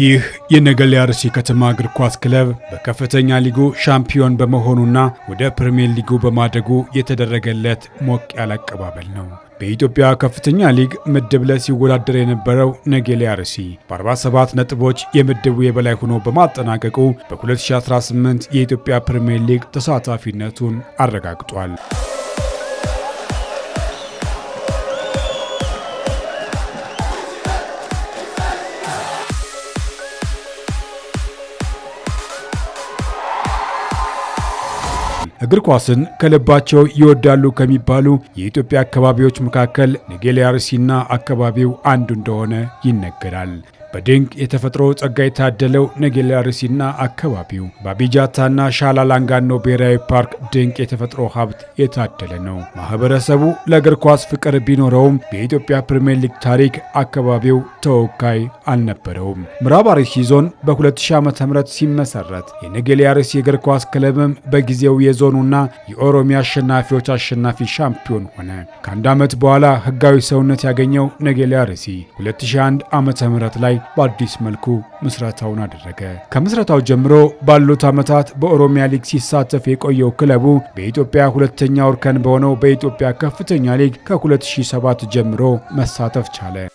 ይህ የነገሌ አርሲ ከተማ እግር ኳስ ክለብ በከፍተኛ ሊጉ ሻምፒዮን በመሆኑና ወደ ፕሪሚየር ሊጉ በማደጉ የተደረገለት ሞቅ ያለ አቀባበል ነው። በኢትዮጵያ ከፍተኛ ሊግ ምድብ ላይ ሲወዳደር የነበረው ነጌሌ አርሲ በ47 ነጥቦች የምድቡ የበላይ ሆኖ በማጠናቀቁ በ2018 የኢትዮጵያ ፕሪምየር ሊግ ተሳታፊነቱን አረጋግጧል። እግር ኳስን ከልባቸው ይወዳሉ ከሚባሉ የኢትዮጵያ አካባቢዎች መካከል ነገሌ አርሲና አካባቢው አንዱ እንደሆነ ይነገራል። በድንቅ የተፈጥሮ ጸጋ የታደለው ነጌላሪሲና አካባቢው በአቢጃታና ሻላላንጋኖ ብሔራዊ ፓርክ ድንቅ የተፈጥሮ ሀብት የታደለ ነው። ማህበረሰቡ ለእግር ኳስ ፍቅር ቢኖረውም በኢትዮጵያ ፕሪምየር ሊግ ታሪክ አካባቢው ተወካይ አልነበረውም። ምዕራብ አርሲ ዞን በ2000 ዓ ም ሲመሰረት የነጌሌ አርሲ እግር ኳስ ክለብም በጊዜው የዞኑና የኦሮሚያ አሸናፊዎች አሸናፊ ሻምፒዮን ሆነ። ከአንድ ዓመት በኋላ ህጋዊ ሰውነት ያገኘው ነጌሌ አርሲ 2001 ዓ ም ላይ በአዲስ መልኩ ምስረታውን አደረገ። ከምስረታው ጀምሮ ባሉት ዓመታት በኦሮሚያ ሊግ ሲሳተፍ የቆየው ክለቡ በኢትዮጵያ ሁለተኛ ወርከን በሆነው በኢትዮጵያ ከፍተኛ ሊግ ከ2007 ጀምሮ መሳተፍ ቻለ።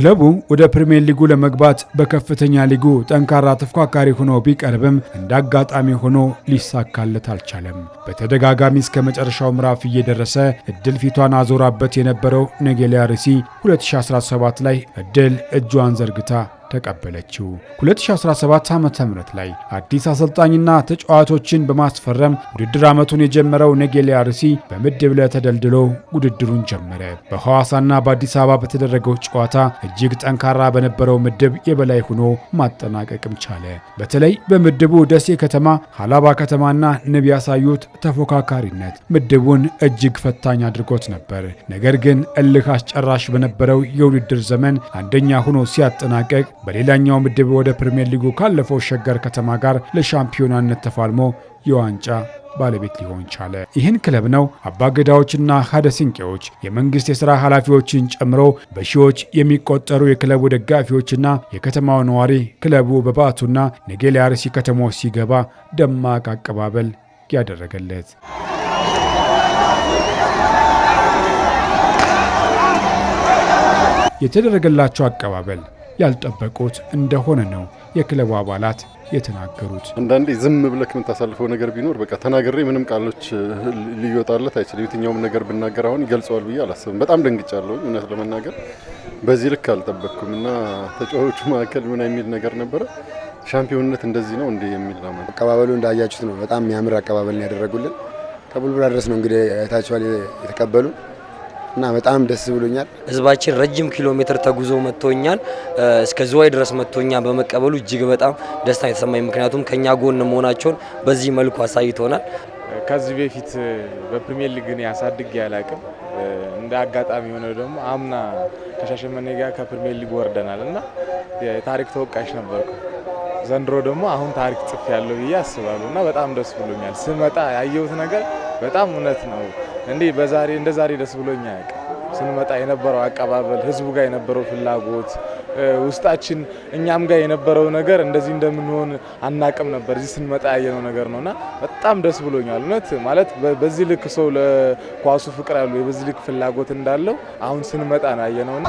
ክለቡ ወደ ፕሪምየር ሊጉ ለመግባት በከፍተኛ ሊጉ ጠንካራ ተፎካካሪ ሆኖ ቢቀርብም እንደ አጋጣሚ ሆኖ ሊሳካለት አልቻለም። በተደጋጋሚ እስከ መጨረሻው ምዕራፍ እየደረሰ እድል ፊቷን አዞራበት የነበረው ርሲ 2017 ላይ እድል እጇን ዘርግታ ተቀበለችው። 2017 ዓ ም ላይ አዲስ አሰልጣኝና ተጫዋቾችን በማስፈረም ውድድር ዓመቱን የጀመረው ነጌሌ አርሲ በምድብ ለ ተደልድሎ ውድድሩን ጀመረ። በሐዋሳና በአዲስ አበባ በተደረገው ጨዋታ እጅግ ጠንካራ በነበረው ምድብ የበላይ ሆኖ ማጠናቀቅም ቻለ። በተለይ በምድቡ ደሴ ከተማ፣ ሀላባ ከተማና ንብ ያሳዩት ተፎካካሪነት ምድቡን እጅግ ፈታኝ አድርጎት ነበር። ነገር ግን እልህ አስጨራሽ በነበረው የውድድር ዘመን አንደኛ ሆኖ ሲያጠናቀቅ በሌላኛው ምድብ ወደ ፕሪምየር ሊጉ ካለፈው ሸገር ከተማ ጋር ለሻምፒዮናነት ተፋልሞ የዋንጫ ባለቤት ሊሆን ቻለ። ይህን ክለብ ነው አባገዳዎችና ሀደስንቄዎች የመንግስት የሥራ ኃላፊዎችን ጨምሮ በሺዎች የሚቆጠሩ የክለቡ ደጋፊዎችና የከተማው ነዋሪ ክለቡ በባቱና ነጌሌ አርሲ ሲገባ ደማቅ አቀባበል ያደረገለት። የተደረገላቸው አቀባበል ያልጠበቁት እንደሆነ ነው የክለቡ አባላት የተናገሩት። አንዳንዴ ዝም ብለክ የምታሳልፈው ነገር ቢኖር በቃ ተናግሬ ምንም ቃሎች ሊወጣለት አይችልም። የትኛውም ነገር ብናገር አሁን ይገልጸዋል ብዬ አላስብም። በጣም ደንግጫለሁ፣ እውነት ለመናገር በዚህ ልክ አልጠበቅኩም እና ተጫዋቾቹ መካከል ምን የሚል ነገር ነበረ ሻምፒዮንነት እንደዚህ ነው እንዴ የሚል ነው። አቀባበሉ እንዳያችሁት ነው። በጣም የሚያምር አቀባበል ያደረጉልን ከቡልቡላ ድረስ ነው እንግዲህ ታችኋል የተቀበሉ እና በጣም ደስ ብሎኛል። ህዝባችን ረጅም ኪሎ ሜትር ተጉዞ መጥቶኛል፣ እስከ ዝዋይ ድረስ መጥቶኛ በመቀበሉ እጅግ በጣም ደስታ የተሰማኝ ምክንያቱም ከኛ ጎን መሆናቸውን በዚህ መልኩ አሳይቶናል። ከዚህ በፊት በፕሪሚየር ሊግ እኔ አሳድጌ እንደ አጋጣሚ የሆነ ደግሞ አምና ከሻሸመኔ ጋር ከፕሪሚየር ሊግ ወርደናል እና የታሪክ ተወቃሽ ነበርኩ። ዘንድሮ ደግሞ አሁን ታሪክ ጽፍ ያለው ብዬ አስባለሁ እና በጣም ደስ ብሎኛል። ስመጣ ያየሁት ነገር በጣም እውነት ነው። እንዲህ በዛሬ እንደ ዛሬ ደስ ብሎኛ ያውቅ። ስንመጣ የነበረው አቀባበል፣ ህዝቡ ጋር የነበረው ፍላጎት፣ ውስጣችን እኛም ጋር የነበረው ነገር እንደዚህ እንደምንሆን አናቅም ነበር። እዚህ ስንመጣ ያየነው ነገር ነውና በጣም ደስ ብሎኛል። እውነት ማለት በዚህ ልክ ሰው ለኳሱ ፍቅር ያለው የበዚህ ልክ ፍላጎት እንዳለው አሁን ስንመጣ ነው ያየነውና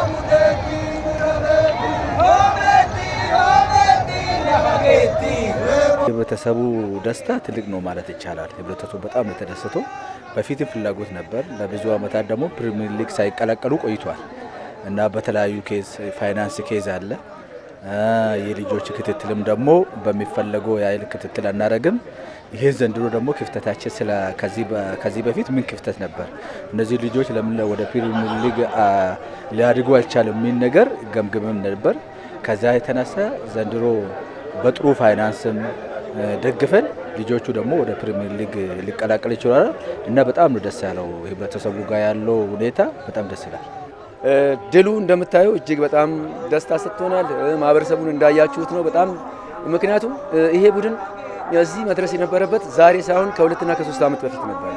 የህብረተሰቡ ደስታ ትልቅ ነው ማለት ይቻላል። ህብረተሰቡ በጣም የተደሰተው በፊትም ፍላጎት ነበር። ለብዙ ዓመታት ደግሞ ፕሪሚየር ሊግ ሳይቀላቀሉ ቆይቷል እና በተለያዩ ኬዝ ፋይናንስ ኬዝ አለ። የልጆች ክትትልም ደግሞ በሚፈለገው የአይል ክትትል አናረግም። ይህን ዘንድሮ ደግሞ ክፍተታችን ስለ ከዚህ በፊት ምን ክፍተት ነበር፣ እነዚህ ልጆች ለምን ወደ ፕሪሚየር ሊግ ሊያድጉ አልቻለም የሚል ነገር ገምግምም ነበር። ከዛ የተነሳ ዘንድሮ በጥሩ ፋይናንስም ደግፈን ልጆቹ ደግሞ ወደ ፕሪሚየር ሊግ ሊቀላቀል ይችላል እና በጣም ነው ደስ ያለው። ህብረተሰቡ ጋር ያለው ሁኔታ በጣም ደስ ይላል። ድሉ እንደምታየው እጅግ በጣም ደስታ ሰጥቶናል። ማህበረሰቡን እንዳያችሁት ነው በጣም ምክንያቱም ይሄ ቡድን እዚህ መድረስ የነበረበት ዛሬ ሳይሆን ከሁለትና ከሶስት ዓመት በፊት ነበር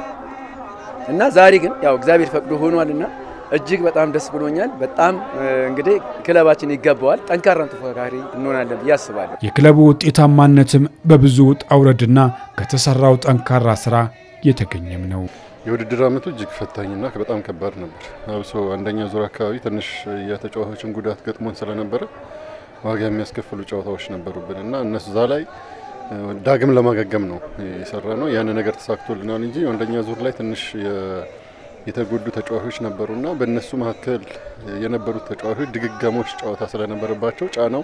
እና ዛሬ ግን ያው እግዚአብሔር ፈቅዶ ሆኗልና እጅግ በጣም ደስ ብሎኛል። በጣም እንግዲህ ክለባችን ይገባዋል፣ ጠንካራን ተፎካካሪ እንሆናለን ብዬ አስባለሁ። የክለቡ ውጤታማነትም በብዙ ውጣ ውረድና ከተሰራው ጠንካራ ስራ የተገኘም ነው። የውድድር አመቱ እጅግ ፈታኝና በጣም ከባድ ነበር። አብሶ አንደኛ ዙር አካባቢ ትንሽ የተጫዋቾችን ጉዳት ገጥሞን ስለነበረ ዋጋ የሚያስከፍሉ ጨዋታዎች ነበሩብን እና እነሱ እዛ ላይ ዳግም ለማገገም ነው የሰራ ነው። ያን ነገር ተሳክቶልናል እንጂ አንደኛ ዙር ላይ ትንሽ የተጎዱ ተጫዋቾች ነበሩና በእነሱ መካከል የነበሩት ተጫዋቾች ድግግሞሽ ጨዋታ ስለነበረባቸው ጫናው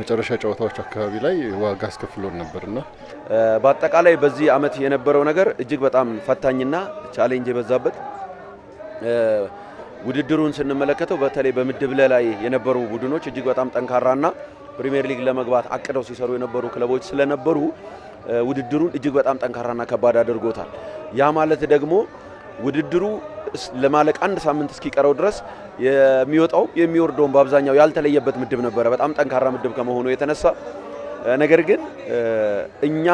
መጨረሻ ጨዋታዎች አካባቢ ላይ ዋጋ አስከፍሎን ነበርና በአጠቃላይ በዚህ አመት የነበረው ነገር እጅግ በጣም ፈታኝና ቻሌንጅ የበዛበት ውድድሩን ስንመለከተው በተለይ በምድብ ላይ የነበሩ ቡድኖች እጅግ በጣም ጠንካራና ፕሪሚየር ሊግ ለመግባት አቅደው ሲሰሩ የነበሩ ክለቦች ስለነበሩ ውድድሩን እጅግ በጣም ጠንካራና ከባድ አድርጎታል። ያ ማለት ደግሞ ውድድሩ ለማለቅ አንድ ሳምንት እስኪቀረው ድረስ የሚወጣው የሚወርደውን በአብዛኛው ያልተለየበት ምድብ ነበረ፣ በጣም ጠንካራ ምድብ ከመሆኑ የተነሳ ነገር ግን እኛ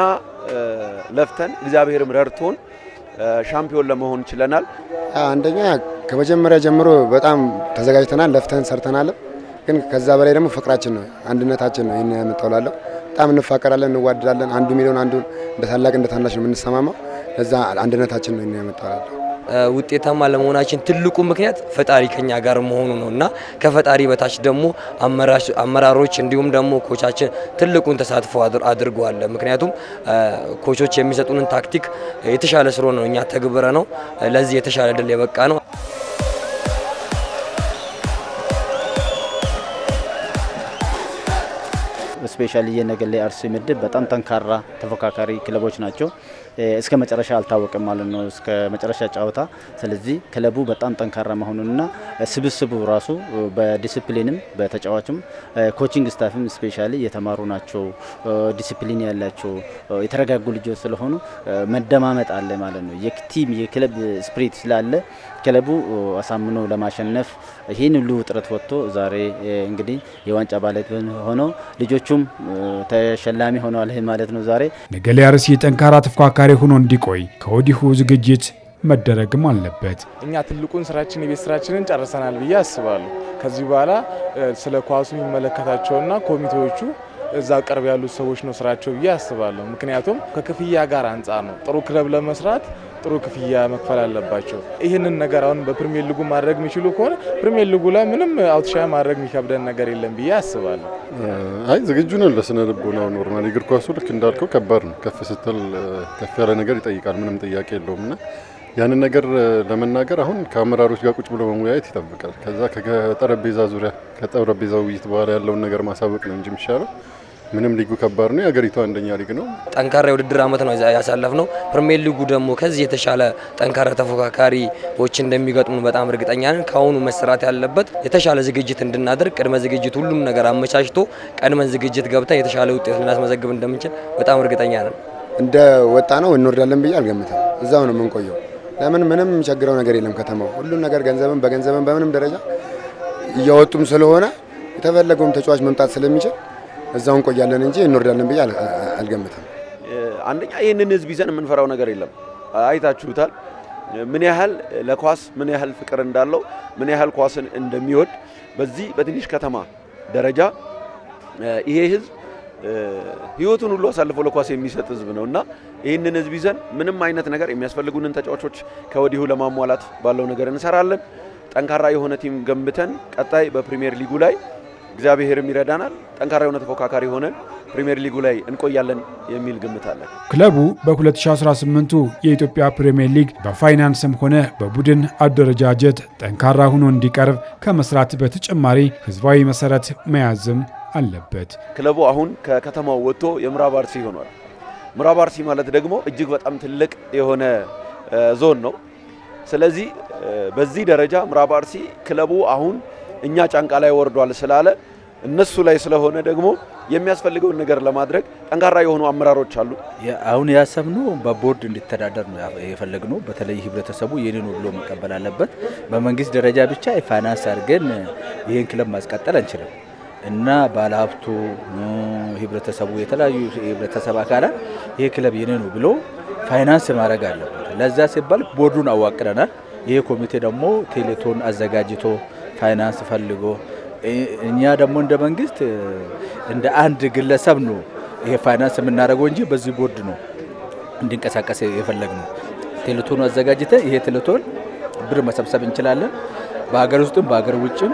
ለፍተን እግዚአብሔርም ረድቶን ሻምፒዮን ለመሆን ችለናል። አንደኛ ከመጀመሪያ ጀምሮ በጣም ተዘጋጅተናል፣ ለፍተን ሰርተናል። ግን ከዛ በላይ ደግሞ ፍቅራችን ነው፣ አንድነታችን ነው ይህን ያመጣውላለሁ። በጣም እንፋቀራለን፣ እንዋደዳለን። አንዱ ሚሊዮን አንዱ እንደ ታላቅ እንደ ታናሽ ነው የምንሰማማው። ለዛ አንድነታችን ነው ይህን ያመጣውላለሁ። ውጤታማ ለመሆናችን ትልቁ ምክንያት ፈጣሪ ከኛ ጋር መሆኑ ነው እና ከፈጣሪ በታች ደግሞ አመራሮች እንዲሁም ደግሞ ኮቻችን ትልቁን ተሳትፎ አድርገዋል። ምክንያቱም ኮቾች የሚሰጡንን ታክቲክ የተሻለ ስሮ ነው እኛ ተግብረ ነው ለዚህ የተሻለ ድል የበቃ ነው። ስፔሻሊ የነገሌ አርሲ ምድብ በጣም ጠንካራ ተፎካካሪ ክለቦች ናቸው። እስከ መጨረሻ አልታወቅም ማለት ነው፣ እስከ መጨረሻ ጨዋታ። ስለዚህ ክለቡ በጣም ጠንካራ መሆኑንና ስብስቡ ራሱ በዲስፕሊንም በተጫዋችም ኮቺንግ ስታፍም ስፔሻሊ የተማሩ ናቸው፣ ዲስፕሊን ያላቸው የተረጋጉ ልጆች ስለሆኑ መደማመጥ አለ ማለት ነው። የቲም የክለብ ስፕሪት ስላለ ክለቡ አሳምኖ ለማሸነፍ ይህን ሁሉ ውጥረት ወጥቶ ዛሬ እንግዲህ የዋንጫ ባለቤት ሆኖ ልጆቹም ተሸላሚ ሆነዋል ማለት ነው። ዛሬ ነገሌ አርሲ ጠንካራ ተፎካካሪ ሆኖ እንዲቆይ ከወዲሁ ዝግጅት መደረግም አለበት። እኛ ትልቁን ስራችን የቤት ስራችንን ጨርሰናል ብዬ አስባለሁ። ከዚህ በኋላ ስለ ኳሱ የሚመለከታቸውና ኮሚቴዎቹ እዛ ቅርብ ያሉት ሰዎች ነው ስራቸው ብዬ አስባለሁ። ምክንያቱም ከክፍያ ጋር አንጻር ነው ጥሩ ክለብ ለመስራት ጥሩ ክፍያ መክፈል አለባቸው። ይህንን ነገር አሁን በፕሪሚየር ሊጉ ማድረግ የሚችሉ ከሆነ ፕሪሚየር ሊጉ ላይ ምንም አውትሻ ማድረግ የሚከብደን ነገር የለም ብዬ አስባለሁ። አይ ዝግጁ ነን ለስነ ልቦና ኖርማል። እግር ኳሱ ልክ እንዳልከው ከባድ ነው። ከፍ ስትል ከፍ ያለ ነገር ይጠይቃል። ምንም ጥያቄ የለውም እና ያንን ነገር ለመናገር አሁን ከአመራሮች ጋር ቁጭ ብሎ መወያየት ይጠብቃል። ከዛ ከጠረጴዛ ዙሪያ ከጠረጴዛ ውይይት በኋላ ያለውን ነገር ማሳወቅ ነው እንጂ የሚሻለው ምንም ሊጉ ከባድ ነው። የሀገሪቷ አንደኛ ሊግ ነው። ጠንካራ የውድድር አመት ነው ያሳለፍ ነው። ፕሪሚየር ሊጉ ደግሞ ከዚህ የተሻለ ጠንካራ ተፎካካሪዎች እንደሚገጥሙ በጣም እርግጠኛ ነን። ከአሁኑ መሰራት ያለበት የተሻለ ዝግጅት እንድናደርግ ቅድመ ዝግጅት፣ ሁሉም ነገር አመቻችቶ ቀድመን ዝግጅት ገብተን የተሻለ ውጤት ልናስመዘግብ እንደምንችል በጣም እርግጠኛ ነን። እንደ ወጣ ነው እንወርዳለን ብዬ አልገምትም። እዛው ነው የምንቆየው። ለምን ምንም ቸግረው ነገር የለም ከተማው ሁሉም ነገር ገንዘብን በገንዘብን በምንም ደረጃ እያወጡም ስለሆነ የተፈለገውም ተጫዋች መምጣት ስለሚችል እዛው እንቆያለን እንጂ እንወርዳለን ብዬ አልገምትም። አንደኛ ይህንን ህዝብ ይዘን የምንፈራው ነገር የለም። አይታችሁታል ምን ያህል ለኳስ ምን ያህል ፍቅር እንዳለው ምን ያህል ኳስን እንደሚወድ በዚህ በትንሽ ከተማ ደረጃ ይሄ ህዝብ ህይወቱን ሁሉ አሳልፎ ለኳስ የሚሰጥ ህዝብ ነው እና ይህንን ህዝብ ይዘን ምንም አይነት ነገር የሚያስፈልጉንን ተጫዋቾች ከወዲሁ ለማሟላት ባለው ነገር እንሰራለን። ጠንካራ የሆነ ቲም ገንብተን ቀጣይ በፕሪሚየር ሊጉ ላይ እግዚአብሔርም ይረዳናል። ጠንካራ የሆነ ተፎካካሪ ሆነን ፕሪምየር ሊጉ ላይ እንቆያለን የሚል ግምት አለ። ክለቡ በ2018 የኢትዮጵያ ፕሪምየር ሊግ በፋይናንስም ሆነ በቡድን አደረጃጀት ጠንካራ ሆኖ እንዲቀርብ ከመስራት በተጨማሪ ህዝባዊ መሰረት መያዝም አለበት። ክለቡ አሁን ከከተማው ወጥቶ የምዕራብ አርሲ ሆኗል። ምዕራብ አርሲ ማለት ደግሞ እጅግ በጣም ትልቅ የሆነ ዞን ነው። ስለዚህ በዚህ ደረጃ ምዕራብ አርሲ ክለቡ አሁን እኛ ጫንቃ ላይ ወርዷል ስላለ እነሱ ላይ ስለሆነ ደግሞ የሚያስፈልገውን ነገር ለማድረግ ጠንካራ የሆኑ አመራሮች አሉ። አሁን ያሰብነው በቦርድ እንዲተዳደር ነው የፈለግነው። በተለይ ህብረተሰቡ ይህንን ብሎ መቀበል አለበት። በመንግስት ደረጃ ብቻ የፋይናንስ አድርገን ይህን ክለብ ማስቀጠል አንችልም እና ባለሀብቱ፣ ህብረተሰቡ፣ የተለያዩ የህብረተሰብ አካላት ይህ ክለብ የኔ ብሎ ፋይናንስ ማድረግ አለበት። ለዛ ሲባል ቦርዱን አዋቅረናል። ይህ ኮሚቴ ደግሞ ቴሌቶን አዘጋጅቶ ፋይናንስ ፈልጎ እኛ ደግሞ እንደ መንግስት እንደ አንድ ግለሰብ ነው ይሄ ፋይናንስ የምናደርገው እንጂ በዚህ ቦርድ ነው እንዲንቀሳቀስ የፈለግ ነው። ቴሌቶን አዘጋጅተን ይሄ ቴሌቶን ብር መሰብሰብ እንችላለን። በሀገር ውስጥም በሀገር ውጭም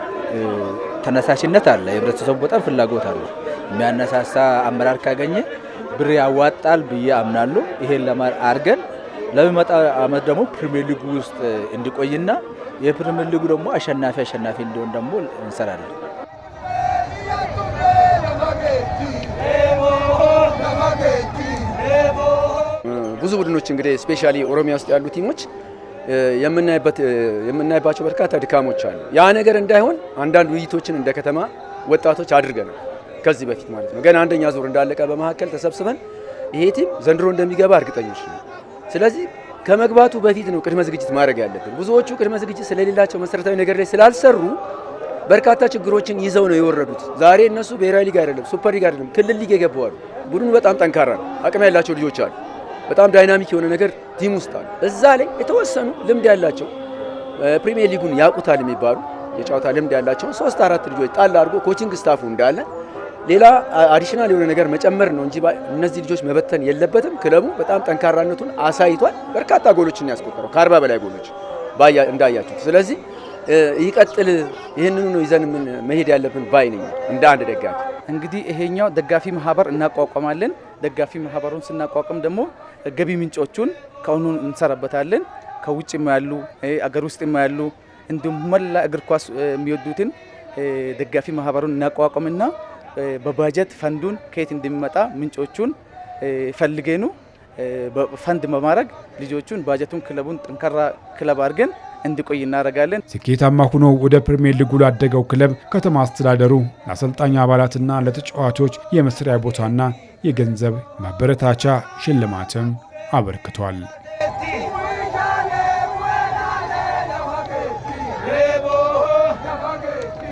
ተነሳሽነት አለ። የህብረተሰቡ በጣም ፍላጎት አለ። የሚያነሳሳ አመራር ካገኘ ብር ያዋጣል ብዬ አምናለሁ። ይሄን ለማር አድርገን ለሚመጣ አመት ደግሞ ፕሪሚየር ሊጉ ውስጥ እንዲቆይና የፕሪሚየር ሊጉ ደግሞ አሸናፊ አሸናፊ እንዲሆን ደግሞ እንሰራለን። ብዙ ቡድኖች እንግዲህ ስፔሻሊ ኦሮሚያ ውስጥ ያሉ ቲሞች የምናይባቸው በርካታ ድካሞች አሉ። ያ ነገር እንዳይሆን አንዳንድ ውይይቶችን እንደ ከተማ ወጣቶች አድርገናል። ከዚህ በፊት ማለት ነው። ገና አንደኛ ዙር እንዳለቀ በመካከል ተሰብስበን ይሄ ቲም ዘንድሮ እንደሚገባ እርግጠኞች ነው። ስለዚህ ከመግባቱ በፊት ነው ቅድመ ዝግጅት ማድረግ ያለብን። ብዙዎቹ ቅድመ ዝግጅት ስለሌላቸው መሰረታዊ ነገር ላይ ስላልሰሩ በርካታ ችግሮችን ይዘው ነው የወረዱት። ዛሬ እነሱ ብሔራዊ ሊግ አይደለም፣ ሱፐር ሊግ አይደለም፣ ክልል ሊግ የገባዋሉ። ቡድኑ በጣም ጠንካራ ነው። አቅም ያላቸው ልጆች አሉ። በጣም ዳይናሚክ የሆነ ነገር ቲም ውስጥ አሉ። እዛ ላይ የተወሰኑ ልምድ ያላቸው ፕሪሚየር ሊጉን ያውቁታል የሚባሉ የጨዋታ ልምድ ያላቸውን ሶስት አራት ልጆች ጣል አድርጎ ኮቺንግ ስታፉ እንዳለ ሌላ አዲሽናል የሆነ ነገር መጨመር ነው እንጂ እነዚህ ልጆች መበተን የለበትም። ክለቡ በጣም ጠንካራነቱን አሳይቷል። በርካታ ጎሎችን ያስቆጠረው ከአርባ በላይ ጎሎች እንዳያችሁት። ስለዚህ ይቀጥል፣ ይህንኑ ነው ይዘን መሄድ ያለብን ባይ ነኝ እንደ አንድ ደጋፊ። እንግዲህ ይሄኛው ደጋፊ ማህበር እናቋቋማለን። ደጋፊ ማህበሩን ስናቋቋም ደግሞ ገቢ ምንጮቹን ከአሁኑ እንሰራበታለን። ከውጭ ያሉ አገር ውስጥ ያሉ እንዲሁም መላ እግር ኳስ የሚወዱትን ደጋፊ ማህበሩን እናቋቋምና በባጀት ፈንዱን ከየት እንደሚመጣ ምንጮቹን ፈልገኑ ፈንድ በማድረግ ልጆቹን ባጀቱን ክለቡን ጠንካራ ክለብ አድርገን እንዲቆይ እናደርጋለን። ስኬታማ ሆኖ ወደ ፕሪሚየር ሊጉ ላደገው ክለብ ከተማ አስተዳደሩ ለአሰልጣኝ አባላትና ለተጫዋቾች የመስሪያ ቦታና የገንዘብ ማበረታቻ ሽልማትም አበርክቷል።